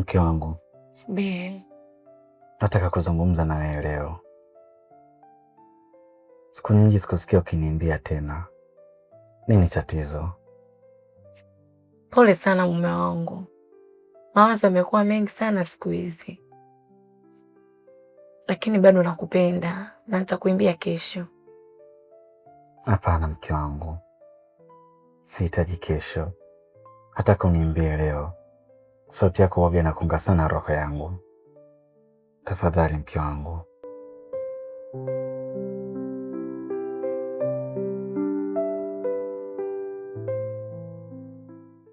Mke wangu Bi, nataka kuzungumza na wewe leo. Siku nyingi sikusikia ukiniimbia tena, nini tatizo? Pole sana mume wangu, mawazo yamekuwa mengi sana siku hizi, lakini bado nakupenda na nitakuimbia kesho. Hapana mke wangu, sihitaji kesho, hata uniimbie leo. Sauti yako waga inakunga sana roho yangu. Tafadhali mke wangu,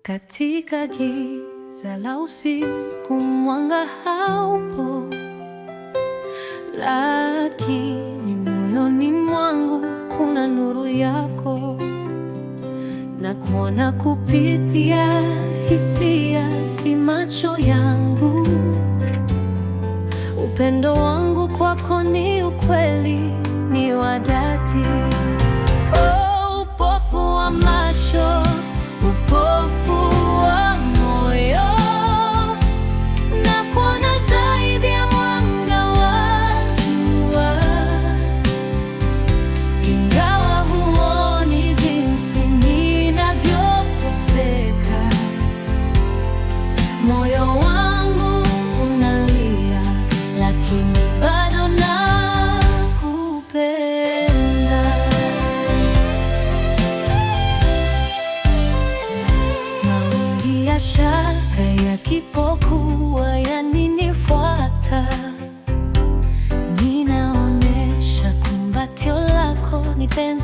katika giza la usiku mwanga haupo, lakini moyoni mwangu kuna nuru yako na kuona kupitia hisia, si macho yangu. Upendo wangu kwako ni ukweli, ni wa dhati. Oh, upofu wa macho, upofu wa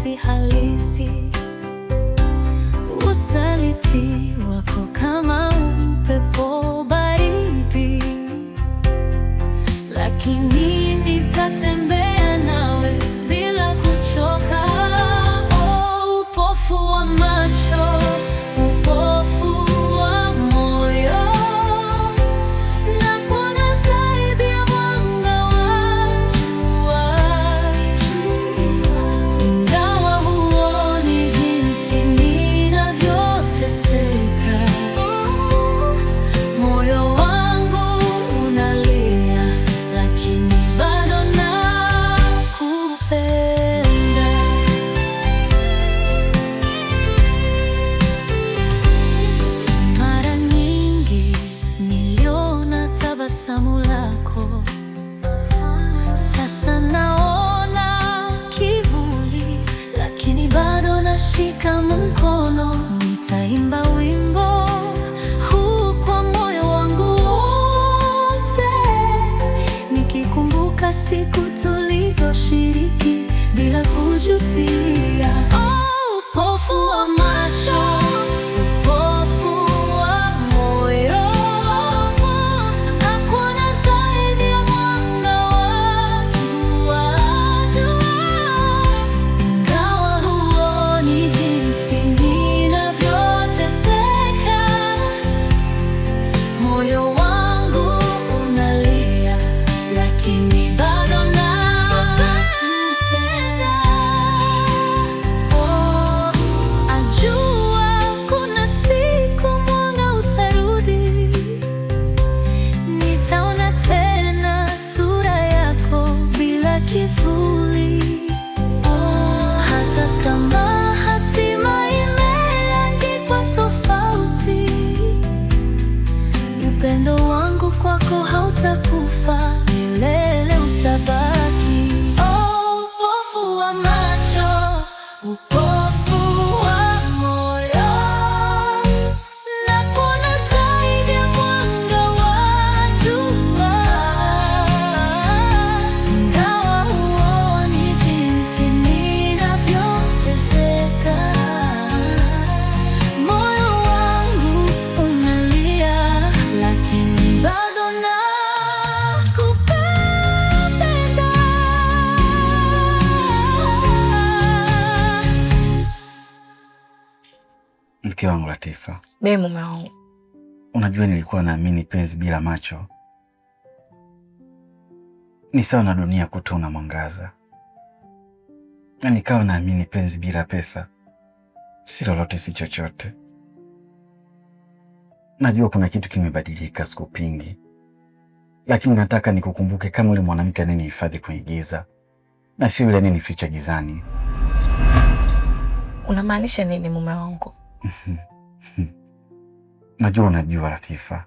see how see Mke wangu Latifa. Be, mume wangu, unajua nilikuwa naamini penzi bila macho ni sawa na dunia kuto na mwangaza, na nikawa naamini penzi bila pesa si lolote, si chochote. Najua kuna kitu kimebadilika, sikupingi, lakini nataka nikukumbuke kama ule mwanamke ananihifadhi kwenye giza na sio yule ananificha gizani. Unamaanisha nini mume wangu? Najua unajua Latifa,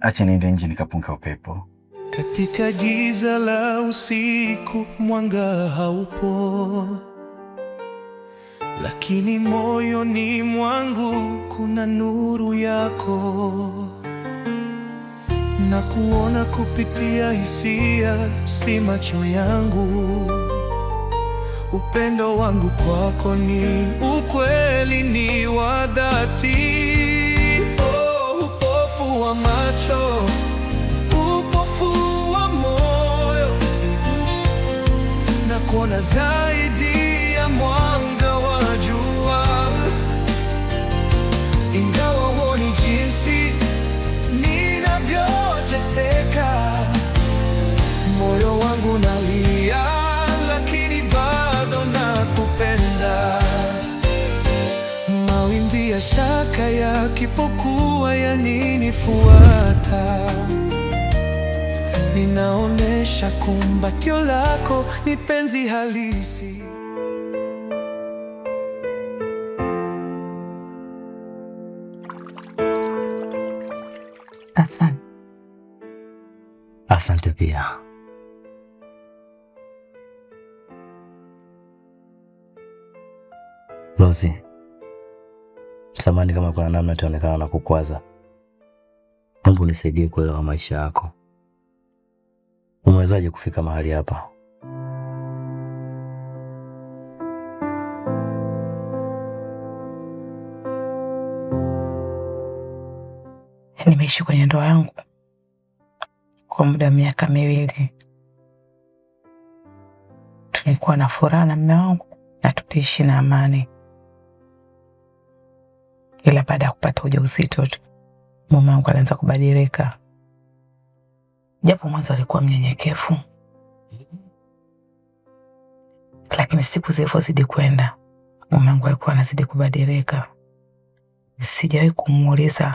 acha niende nje nikapunga upepo. Katika giza la usiku mwanga haupo, lakini moyoni mwangu kuna nuru yako, na kuona kupitia hisia, si macho yangu Upendo wangu kwako ni ukweli, ni wa dhati. Oh, upofu wa macho, upofu wa moyo, na kuona zaidi ya mwanga wa jua. Ingawa huoni jinsi ninavyoteseka, moyo wangu nalia bila shaka yakipokuwa yaninifuata, ninaonesha kumbatio lako ni penzi halisi. Asante. Asante pia. Rozi. Samani kama kuna namna itaonekana na kukwaza. Naomba unisaidie kuelewa maisha yako. Umewezaje kufika mahali hapa? Nimeishi kwenye ndoa yangu kwa muda wa miaka miwili. Tulikuwa na furaha na mume wangu na tuliishi na amani ila baada ya kupata ujauzito tu mume wangu alianza kubadilika, japo mwanzo alikuwa mnyenyekevu, lakini siku zilivyozidi kwenda mume wangu alikuwa anazidi kubadilika. Sijawahi kumuuliza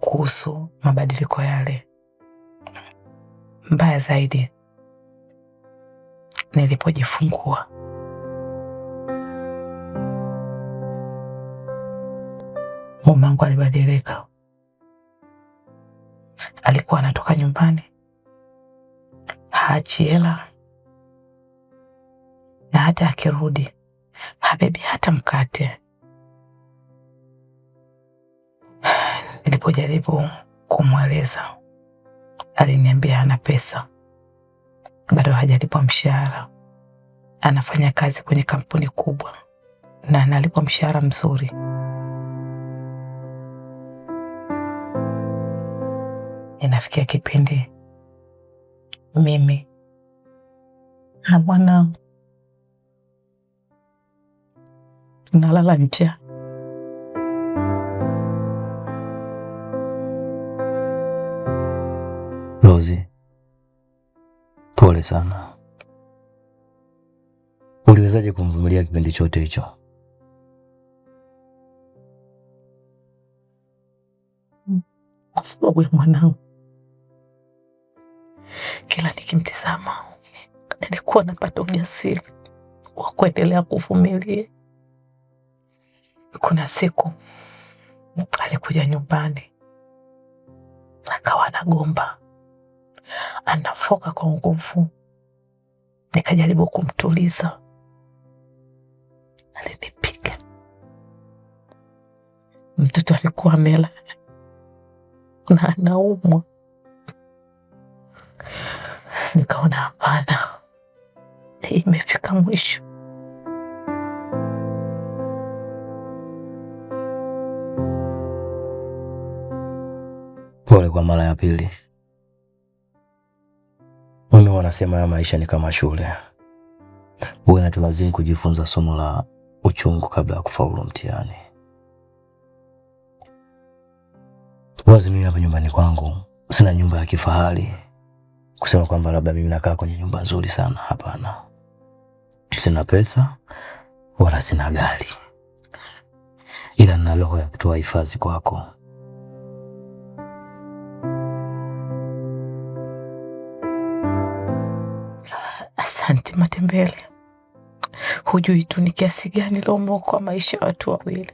kuhusu mabadiliko yale. Mbaya zaidi, nilipojifungua Mamangu alibadilika, alikuwa anatoka nyumbani haachi hela, na hata akirudi habebi hata mkate. Nilipojaribu kumweleza, aliniambia hana pesa, bado hajalipwa mshahara. Anafanya kazi kwenye kampuni kubwa na analipwa mshahara mzuri. inafikia kipindi mimi na bwana tunalala njaa. Rozi, pole sana. Uliwezaje kumvumilia kipindi chote hicho? Kwa sababu ya mwanangu kila nikimtizama nilikuwa napata ujasiri wa kuendelea kuvumilia. Kuna siku alikuja nyumbani, akawa anagomba, anafoka kwa nguvu. Nikajaribu kumtuliza, alinipiga. Mtoto alikuwa amelala na anaumwa nikaona hapana, imefika mwisho. Pole kwa mara ya pili. Mimi wanasema ya maisha ni kama shule, huwa inatulazimu kujifunza somo la uchungu kabla ya kufaulu mtihani. Wazi mimi hapa nyumbani kwangu sina nyumba ya kifahari kusema kwamba labda mimi nakaa kwenye nyumba nzuri sana, hapana. Sina pesa wala sina gari, ila nina roho ya kutoa hifadhi kwako. Asante Matembele, hujui tu ni kiasi gani lomokwa maisha ya watu wawili.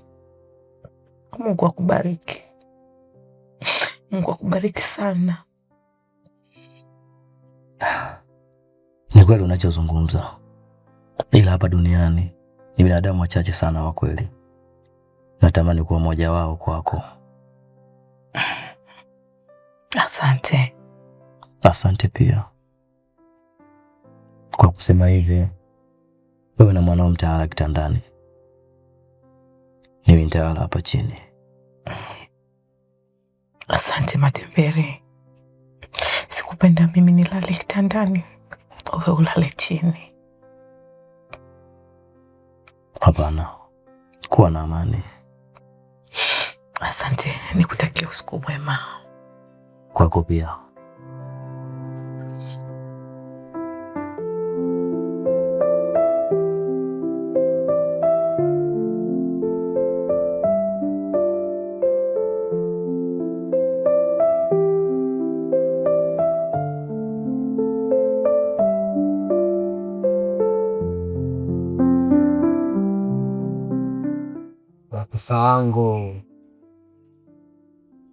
Mungu akubariki, Mungu akubariki sana. Ni kweli unachozungumza, ila hapa duniani ni binadamu wachache sana wa kweli. Natamani kuwa mmoja wao kwako. Asante. Asante pia kwa kusema hivi. Wewe na mwanao mtawala kitandani, mimi mtawala hapa chini. Asante Matembere. Sikupenda mimi nilale kitandani, wewe ulale chini. Hapana, kuwa na amani. Asante, nikutakia usiku mwema. Kwako pia. Sasa wangu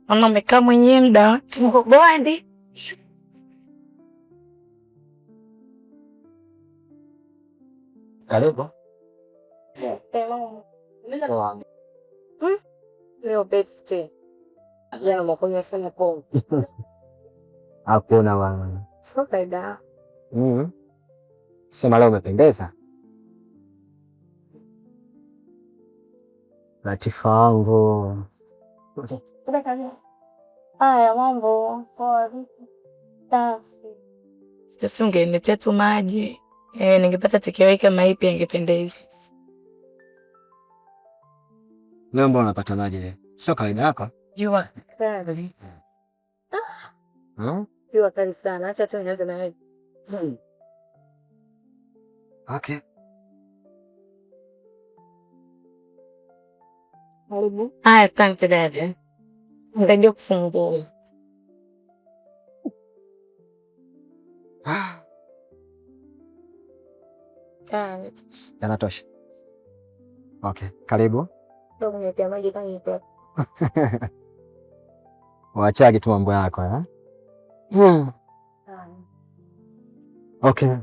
mama amekaa mwenyewe mda simgogowadi karibu hmm? leobeanamakonywa sana pombe hakuna bana, sio kaida. Mm-hmm. Sema leo umependeza Latifa wangu. Haya, mambo poa Sasa ungeniletea tu maji eh, ningepata tikewai kama hii pia ingependeza. Leo mbona unapata maji Sio kawaida hapa. Jua kali. Ah? Jua kali sana. Acha tu nianze na wewe. Hmm. Okay. Karibu. Haya, ah, asante dada, nitaje kufungua. Ah. Ah, Yanatosha. Okay, karibu. Wachagi tu mambo yako eh? Hmm. Okay.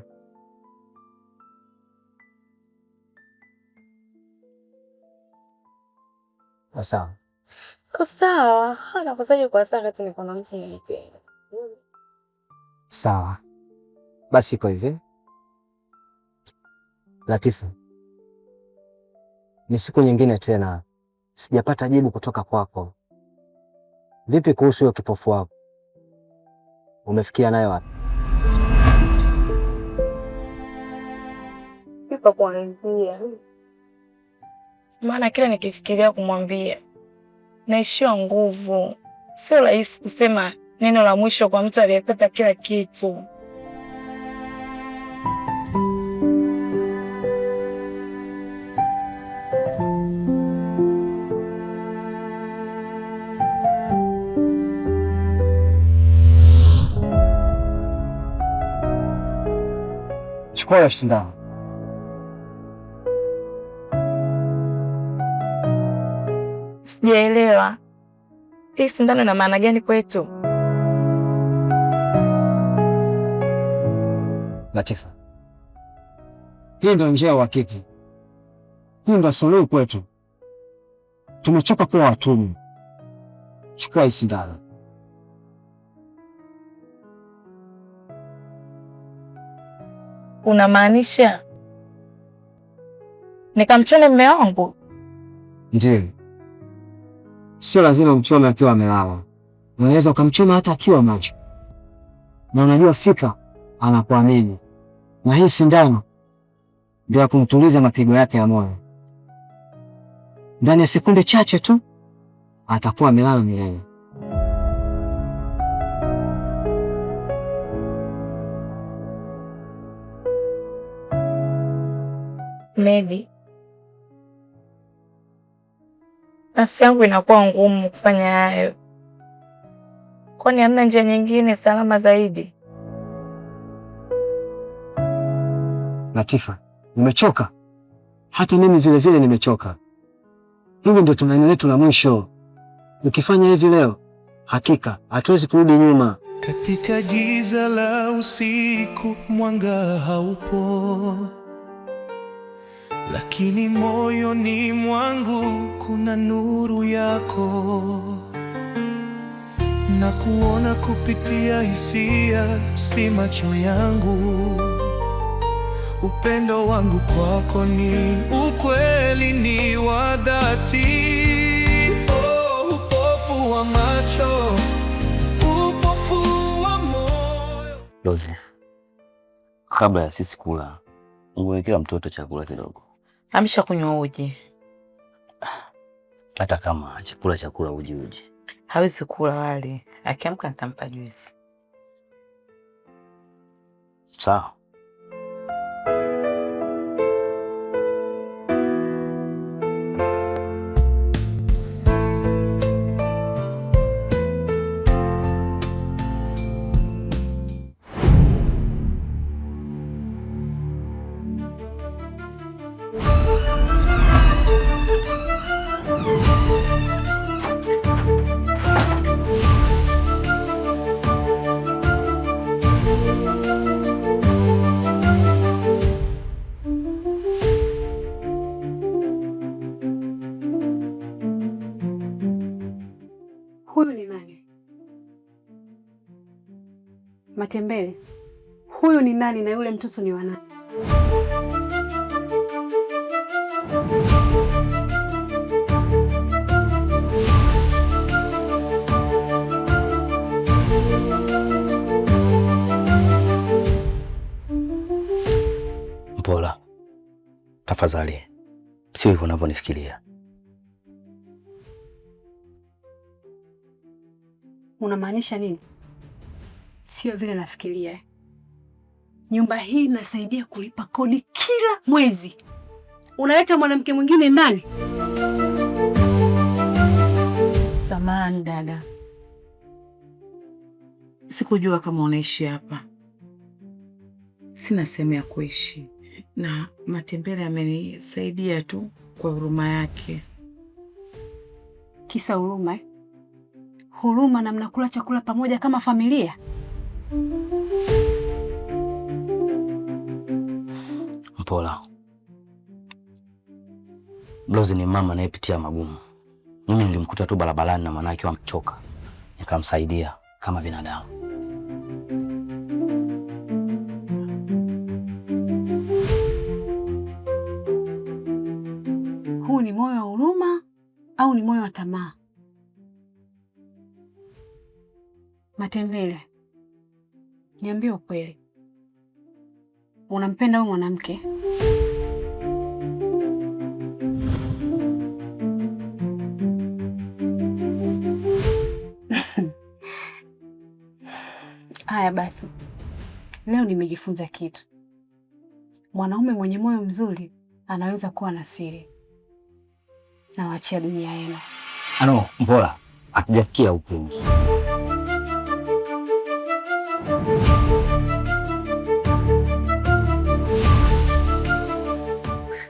kwa sawa. Kwa sawa nakosaje? Kwa sawa kati niko na mtu nampenda. Sawa basi, iko hivi Latifu, ni siku nyingine tena sijapata jibu kutoka kwako. Vipi kuhusu hiyo kipofu wako, umefikia nayo wapi? Ipakuanzia maana kila nikifikiria kumwambia naishiwa nguvu. Sio rahisi kusema neno la mwisho kwa mtu aliyepata kila kitu. Chukua shindano. sijaelewa hii sindano ina maana gani kwetu? Latifa, hii ndio njia ya uhakiki, hii ndio suluhu kwetu. Tumechoka kuwa watumwa. Chukua hii sindano. Unamaanisha nikamchone mume wangu? Ndiyo. Sio lazima mchome akiwa amelala, unaweza ukamchoma hata akiwa macho, na unajua fika anakuamini, na hii sindano ndio ya kumtuliza mapigo yake ya moyo. Ndani ya sekunde chache tu atakuwa amelala milele. Maybe. nafsi yangu inakuwa ngumu kufanya hayo. Kwani hamna njia nyingine salama zaidi? Latifa, nimechoka. Hata mimi vile vile nimechoka. Hili ndio tumaini letu la mwisho. Ukifanya hivi leo, hakika hatuwezi kurudi nyuma. Katika giza la usiku, mwanga haupo lakini moyoni mwangu kuna nuru yako, na kuona kupitia hisia, si macho yangu. Upendo wangu kwako ni ukweli, ni wa dhati. Oh, upofu wa macho, upofu wa moyo. Kabla ya sisi kula, ungewekea mtoto chakula kidogo. Amesha kunywa uji. Hata kama chakula chakula uji uji hawezi kula wali, akiamka nitampa juisi. Sawa. watembele huyu ni nani na yule mtoto ni wanani? Mpola, tafadhali, sio hivyo unavyonifikiria. Unamaanisha nini? sio vile nafikiria. Nyumba hii inasaidia kulipa kodi kila mwezi, unaleta mwanamke mwingine ndani. Samahani dada, sikujua kama unaishi hapa. Sina sehemu ya kuishi, na matembele amenisaidia tu kwa huruma yake. Kisa huruma? Eh? Huruma na mnakula chakula pamoja kama familia? Mpola, Blozi ni mama anayepitia magumu. Mimi nilimkuta tu barabarani na mwanawake akiwa amechoka, nikamsaidia kama binadamu. Huu ni moyo wa huruma au ni moyo wa tamaa? Matembele Niambie ukweli, unampenda huyu mwanamke? Haya basi, leo nimejifunza kitu. Mwanaume mwenye moyo mzuri anaweza kuwa na siri. Nawachia dunia yenu. Ano, mbora hatujafikia upenzi.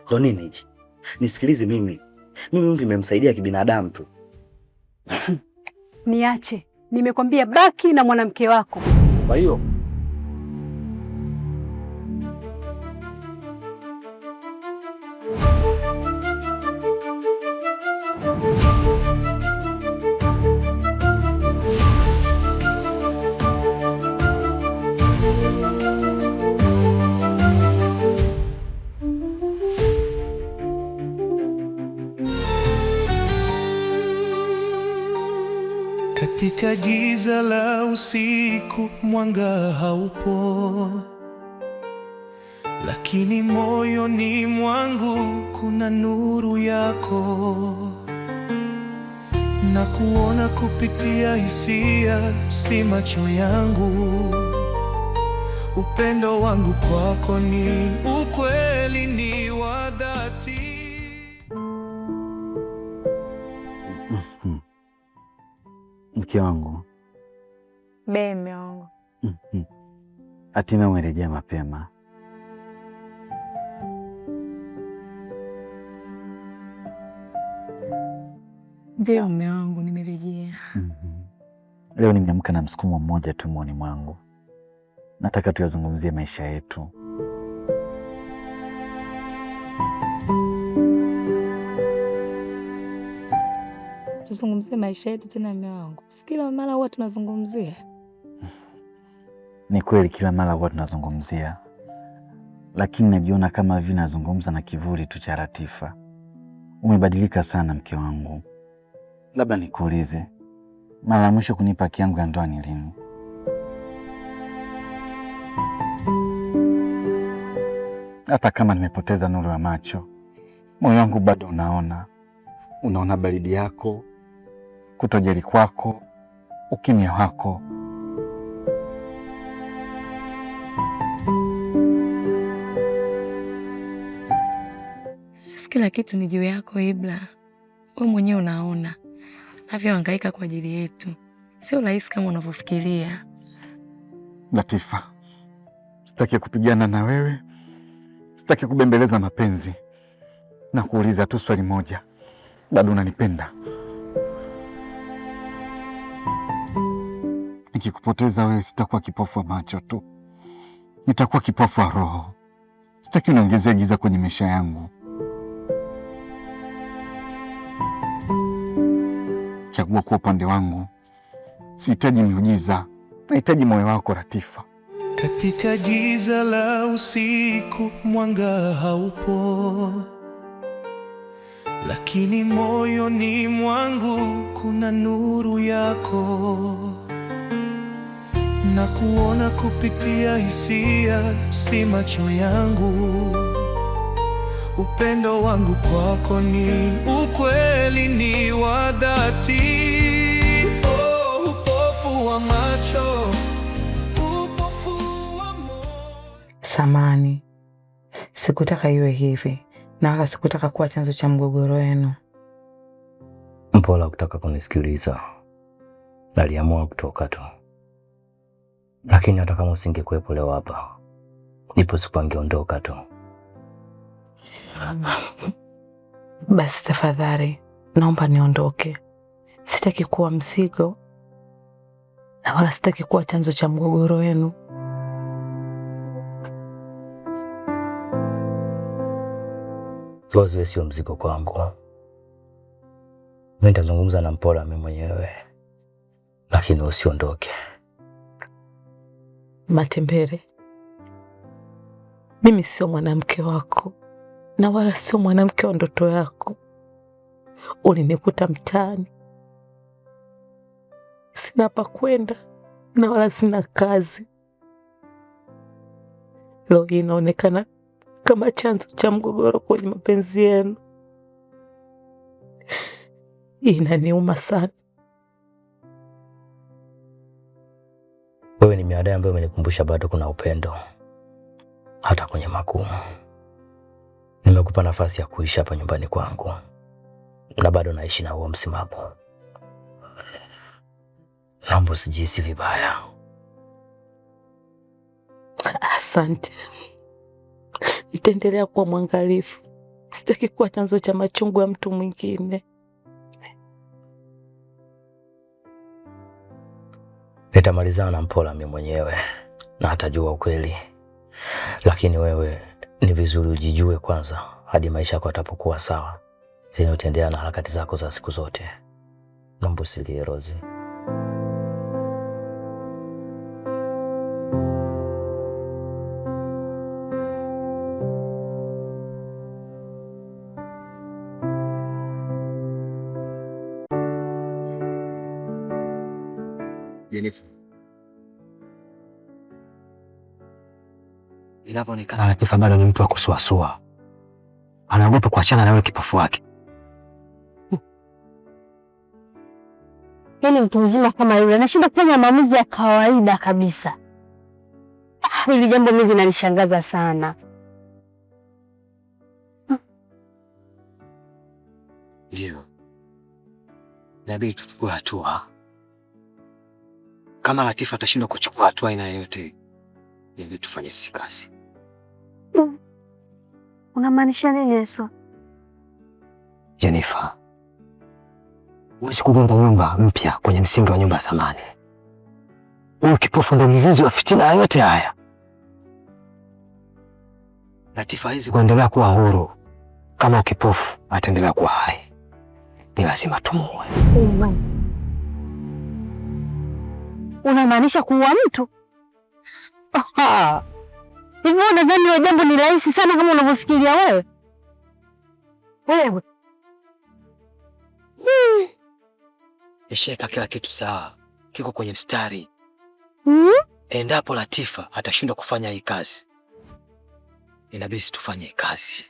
Ndo nini hichi? Nisikilize mimi. Mimi mtu nimemsaidia kibinadamu tu. Niache. Nimekwambia baki na mwanamke wako. Kwa hiyo Katika giza la usiku mwanga haupo, lakini moyoni mwangu kuna nuru yako, na kuona kupitia hisia, si macho yangu. Upendo wangu kwako ni ukwe mke wangu be, mme wangu hatime mm -hmm. umerejea mapema. Ndio mme wangu, nimerejea mm -hmm. Leo nimeamka na msukumo mmoja tu moyoni mwangu, nataka tuyazungumzie maisha yetu tuzungumzie maisha yetu tena, mume wangu. Si kila mara huwa tunazungumzia? Ni kweli, kila mara huwa tunazungumzia, lakini najiona kama vi nazungumza na kivuli tu cha Latifa. Umebadilika sana mke wangu. Labda nikuulize, mara ya mwisho kunipa haki yangu ya ndoa ni lini? Hata kama nimepoteza nuru ya macho, moyo wangu bado unaona, unaona baridi yako kutojali kwako, ukimya wako. kila kitu ni juu yako Ibra, we mwenyewe unaona navyohangaika kwa ajili yetu. Sio rahisi kama unavyofikiria Latifa. Sitaki kupigana na wewe, sitaki kubembeleza mapenzi na kuuliza tu swali moja, bado unanipenda? Nikikupoteza wewe, sitakuwa kipofu wa macho tu, nitakuwa kipofu wa roho. Sitaki unaongezea giza kwenye maisha yangu. Chagua kuwa upande wangu, sihitaji miujiza, nahitaji moyo wako Latifa. Katika giza la usiku mwanga haupo, lakini moyoni mwangu kuna nuru yako na kuona kupitia hisia, si macho yangu. Upendo wangu kwako ni ukweli, ni wa dhati. Oh, upofu wa macho, upofu wa moyo. Samani, sikutaka iwe hivi na wala sikutaka kuwa chanzo cha mgogoro wenu. Mpola kutaka kunisikiliza, naliamua kutoka tu lakini hata kama usingekuwepo leo hapa, nipo siku angeondoka tu. Basi tafadhali, naomba niondoke. Sitaki kuwa mzigo na wala sitaki kuwa chanzo cha mgogoro wenu. Waziwe sio mzigo kwangu, mi nitazungumza na Mpola mi mwenyewe, lakini usiondoke. Matembele, mimi sio mwanamke wako na wala sio mwanamke wa ndoto yako. Ulinikuta mtaani, sina pa kwenda na wala sina kazi. Leo hii inaonekana kama chanzo cha mgogoro kwenye mapenzi yenu. Inaniuma sana. Wewe ni miada ambayo umenikumbusha bado kuna upendo hata kwenye makuu. Nimekupa nafasi ya kuishi hapa nyumbani kwangu na bado naishi na huo msimamo. Naomba usijihisi vibaya. Asante, nitaendelea kuwa mwangalifu. Sitaki kuwa chanzo cha machungu ya mtu mwingine. Nitamalizana na Mpola mimi mwenyewe na atajua ukweli, lakini wewe ni vizuri ujijue kwanza hadi maisha yako atapokuwa sawa, zinotendea na harakati zako za siku zote. Mambo silie Rozi. inavyoonekana, Latifa bado ni mtu wa kusuasua, anaogopa kuachana na yule kipofu wake. Yaani mtu mzima kama yule anashinda kufanya maamuzi ya kawaida kabisa. Ah, hili jambo mimi linanishangaza sana. Ndio, inabidi tuchukue hatua. Kama Latifa atashindwa kuchukua hatua aina yoyote, ili tufanye sisi kazi. Mm. Unamaanisha nini Yesu? Jenifa, huwezi kugonga nyumba mpya kwenye msingi wa nyumba ya zamani. Huyu kipofu ndo mzizi wa fitina yote haya. Latifa hizi kuendelea kuwa huru kama kipofu ataendelea kuwa hai, ni lazima tumuue unamaanisha kuua mtu? Hivyo unadhani hilo jambo ni rahisi sana kama unavyofikiria wewe? Wewe isheka, hmm. kila kitu sawa, kiko kwenye mstari hmm? Endapo Latifa atashindwa kufanya hii kazi, inabidi tufanye hii kazi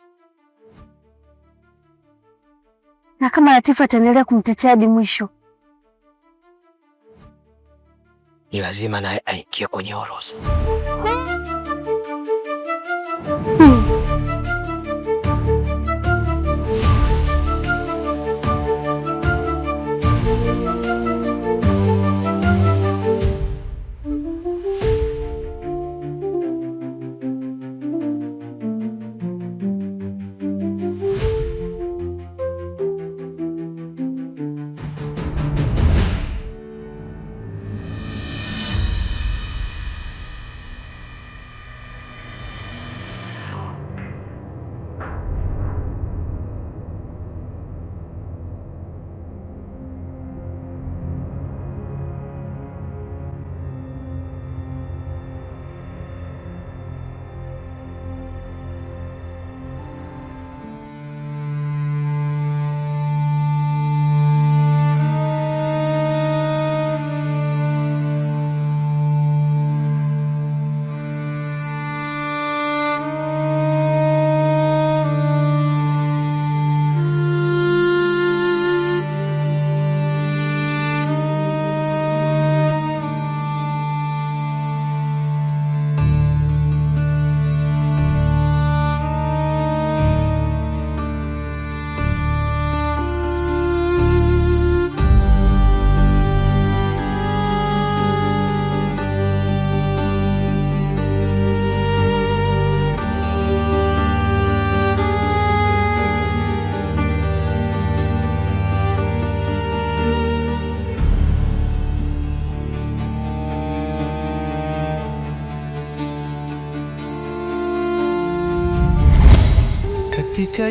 na kama Latifa ataendelea kumtetea hadi mwisho ni lazima naye aingie kwenye orodha.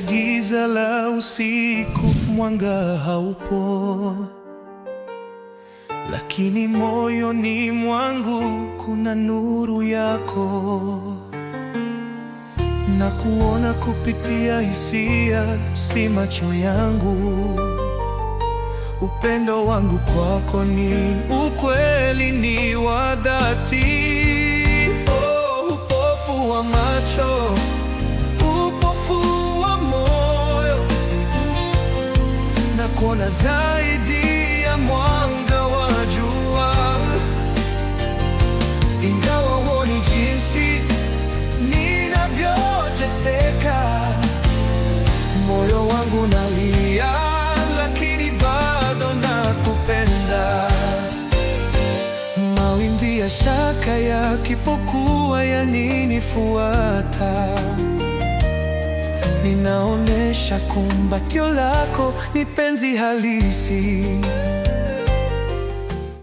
giza la usiku, mwanga haupo, lakini moyoni mwangu kuna nuru yako, na kuona kupitia hisia, si macho yangu. Upendo wangu kwako ni ukweli, ni wa dhati. Oh, upofu wa macho kuna zaidi ya mwanga wa jua, ingawa huoni jinsi ninavyoteseka. Moyo wangu nalia, lakini bado nakupenda. Mawimbi ya shaka yakipokuwa yaninifuata ninaonesha kumbatio lako ni penzi halisi.